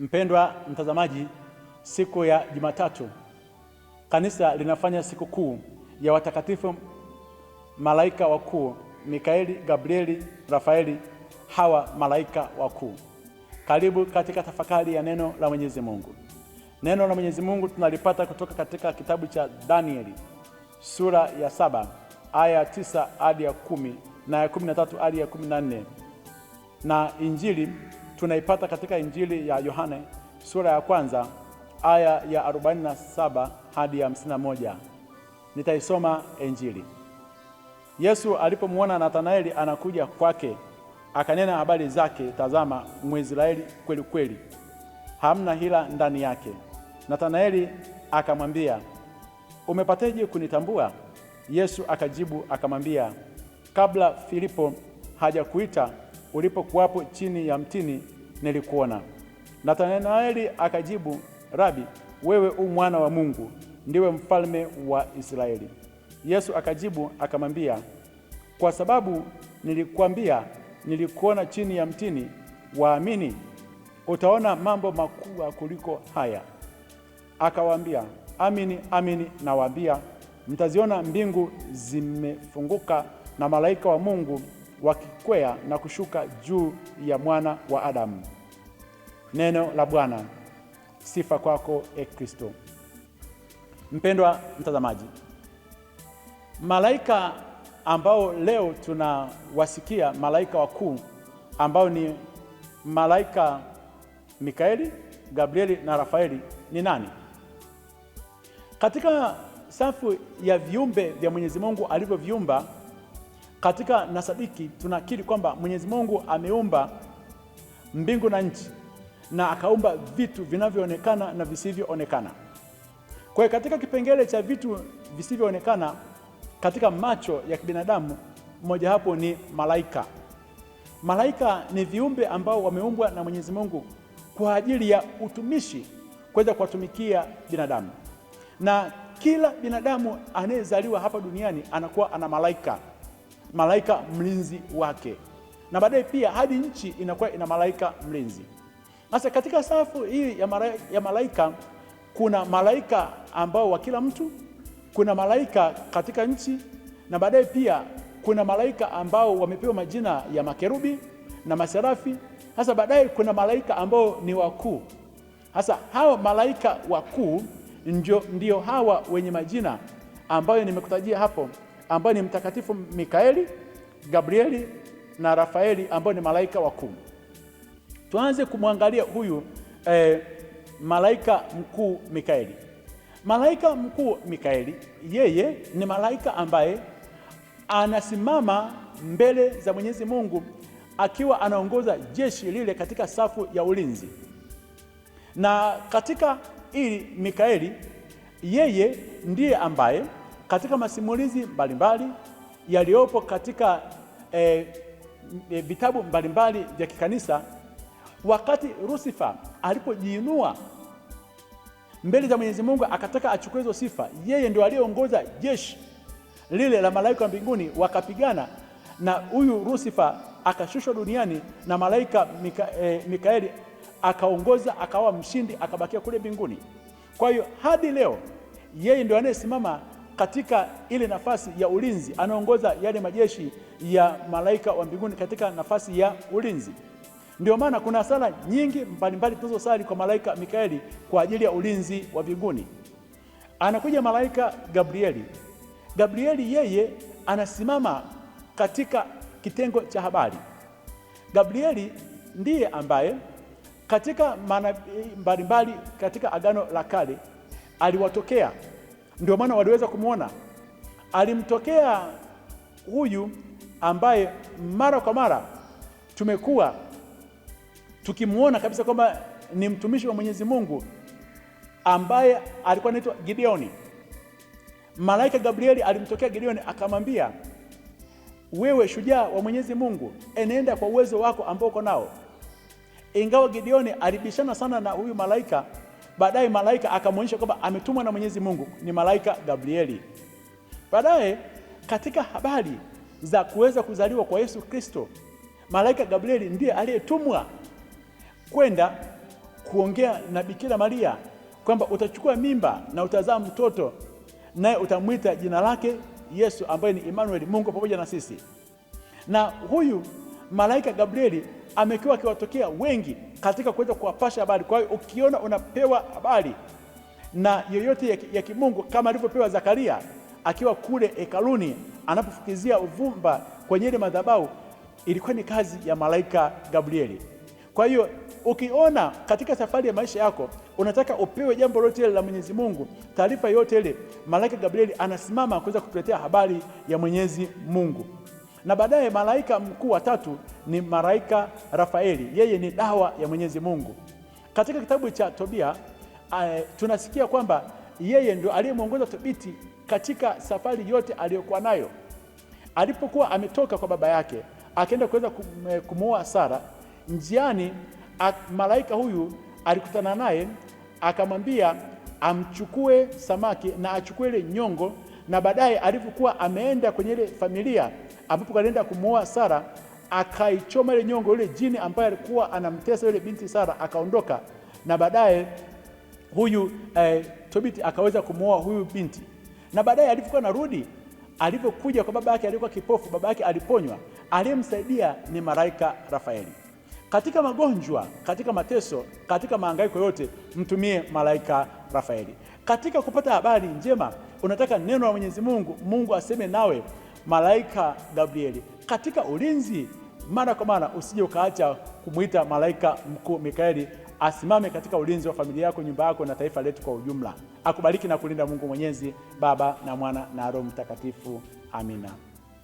Mpendwa mtazamaji, siku ya Jumatatu kanisa linafanya sikukuu ya watakatifu malaika wakuu Mikaeli, Gabrieli, Rafaeli, hawa malaika wakuu. Karibu katika tafakari ya neno la Mwenyezi Mungu. Neno la Mwenyezi Mungu tunalipata kutoka katika kitabu cha Danieli sura ya saba aya tisa hadi ya kumi na ya kumi na tatu hadi ya kumi na nne na Injili tunaipata katika Injili ya Yohane sura ya kwanza aya ya 47 hadi ya 51. Nitaisoma Injili. Yesu alipomwona Nathanaeli anakuja kwake, akanena habari zake, tazama, Mwisraeli kweli kweli, hamna hila ndani yake. Nathanaeli akamwambia, umepateje kunitambua? Yesu akajibu akamwambia, kabla Filipo hajakuita ulipokuwapo chini ya mtini nilikuona. Nathanaeli akajibu, Rabi, wewe u mwana wa Mungu, ndiwe mfalme wa Israeli. Yesu akajibu akamwambia, kwa sababu nilikwambia nilikuona chini ya mtini, waamini? Utaona mambo makubwa kuliko haya. Akawaambia, amini amini nawaambia, mtaziona mbingu zimefunguka na malaika wa Mungu wakikwea na kushuka juu ya mwana wa Adamu. Neno la Bwana. Sifa kwako e Kristo. Mpendwa mtazamaji, malaika ambao leo tunawasikia malaika wakuu ambao ni malaika Mikaeli, Gabrieli na Rafaeli ni nani? Katika safu ya viumbe vya Mwenyezi Mungu alivyoviumba katika nasadiki tunakiri kwamba Mwenyezi Mungu ameumba mbingu na nchi na akaumba vitu vinavyoonekana na visivyoonekana. Kwa hiyo katika kipengele cha vitu visivyoonekana katika macho ya kibinadamu, mojawapo ni malaika. Malaika ni viumbe ambao wameumbwa na Mwenyezi Mungu kwa ajili ya utumishi, kuweza kuwatumikia binadamu, na kila binadamu anayezaliwa hapa duniani anakuwa ana malaika malaika mlinzi wake, na baadaye pia hadi nchi inakuwa ina malaika mlinzi. Sasa katika safu hii ya malaika, ya malaika kuna malaika ambao wa kila mtu, kuna malaika katika nchi, na baadaye pia kuna malaika ambao wamepewa majina ya makerubi na maserafi. Sasa baadaye kuna malaika ambao ni wakuu. Sasa hawa malaika wakuu ndio, ndio hawa wenye majina ambayo nimekutajia hapo ambaye ni mtakatifu Mikaeli, Gabrieli na Rafaeli ambao ni malaika wakuu. Tuanze kumwangalia huyu eh, malaika mkuu Mikaeli. Malaika mkuu Mikaeli yeye ni malaika ambaye anasimama mbele za Mwenyezi Mungu akiwa anaongoza jeshi lile katika safu ya ulinzi. Na katika ili Mikaeli yeye ndiye ambaye katika masimulizi mbalimbali yaliyopo katika e, e, vitabu mbalimbali vya kikanisa. Wakati Lusifa alipojiinua mbele za Mwenyezi Mungu akataka achukue hizo sifa, yeye ndio aliyeongoza jeshi lile la malaika wa mbinguni wakapigana, na huyu Lusifa akashushwa duniani na malaika Mika, e, Mikaeli akaongoza akawa mshindi akabakia kule mbinguni. Kwa hiyo hadi leo yeye ndio anayesimama katika ile nafasi ya ulinzi, anaongoza yale majeshi ya malaika wa mbinguni katika nafasi ya ulinzi. Ndio maana kuna sala nyingi mbalimbali tunazosali kwa malaika Mikaeli kwa ajili ya ulinzi wa mbinguni. Anakuja malaika Gabrieli. Gabrieli yeye anasimama katika kitengo cha habari. Gabrieli ndiye ambaye katika manabii mbalimbali katika Agano la Kale aliwatokea ndio maana waliweza kumwona. Alimtokea huyu ambaye mara kwa mara tumekuwa tukimwona kabisa kwamba ni mtumishi wa Mwenyezi Mungu ambaye alikuwa anaitwa Gideoni. Malaika Gabrieli alimtokea Gideoni akamwambia, wewe shujaa wa Mwenyezi Mungu, enenda kwa uwezo wako ambao uko nao. Ingawa Gideoni alibishana sana na huyu malaika Baadaye malaika akamwonyesha kwamba ametumwa na Mwenyezi Mungu ni malaika Gabrieli. Baadaye katika habari za kuweza kuzaliwa kwa Yesu Kristo, malaika Gabrieli ndiye aliyetumwa kwenda kuongea na Bikira Maria kwamba utachukua mimba na utazaa mtoto naye utamwita jina lake Yesu ambaye ni Emmanuel, Mungu pamoja na sisi. Na huyu malaika Gabrieli amekuwa akiwatokea wengi katika kuweza kuwapasha habari. Kwa hiyo ukiona unapewa habari na yoyote ya, ya kimungu kama alivyopewa Zakaria akiwa kule hekaluni anapofukizia uvumba kwenye ile madhabahu, ilikuwa ni kazi ya malaika Gabrieli. Kwa hiyo ukiona katika safari ya maisha yako unataka upewe jambo lote ile la Mwenyezi Mungu, taarifa yote ile, malaika Gabrieli anasimama kuweza kutuletea habari ya Mwenyezi Mungu na baadaye malaika mkuu wa tatu ni malaika Rafaeli, yeye ni dawa ya Mwenyezi Mungu. Katika kitabu cha Tobia uh, tunasikia kwamba yeye ndio aliyemwongoza Tobiti katika safari yote aliyokuwa nayo alipokuwa ametoka kwa baba yake akaenda kuweza eh, kumuoa Sara. Njiani malaika huyu alikutana naye akamwambia amchukue samaki na achukue ile nyongo, na baadaye alipokuwa ameenda kwenye ile familia ambapo alienda kumwoa Sara, akaichoma ile nyongo, yule jini ambaye alikuwa anamtesa yule binti Sara akaondoka, na baadaye huyu eh, Tobiti akaweza kumwoa huyu binti. Na baadaye alipokuwa narudi, alipokuja kwa baba yake alikuwa kipofu, baba yake aliponywa, aliyemsaidia ni malaika Rafaeli. Katika magonjwa, katika mateso, katika mahangaiko yote, mtumie malaika Rafaeli. Katika kupata habari njema, unataka neno la Mwenyezi Mungu, Mungu aseme nawe malaika Gabrieli katika ulinzi. Mara kwa mara usije ukaacha kumwita malaika mkuu Mikaeli asimame katika ulinzi wa familia yako, nyumba yako na taifa letu kwa ujumla. Akubariki na kulinda Mungu Mwenyezi, Baba na Mwana na Roho Mtakatifu. Amina.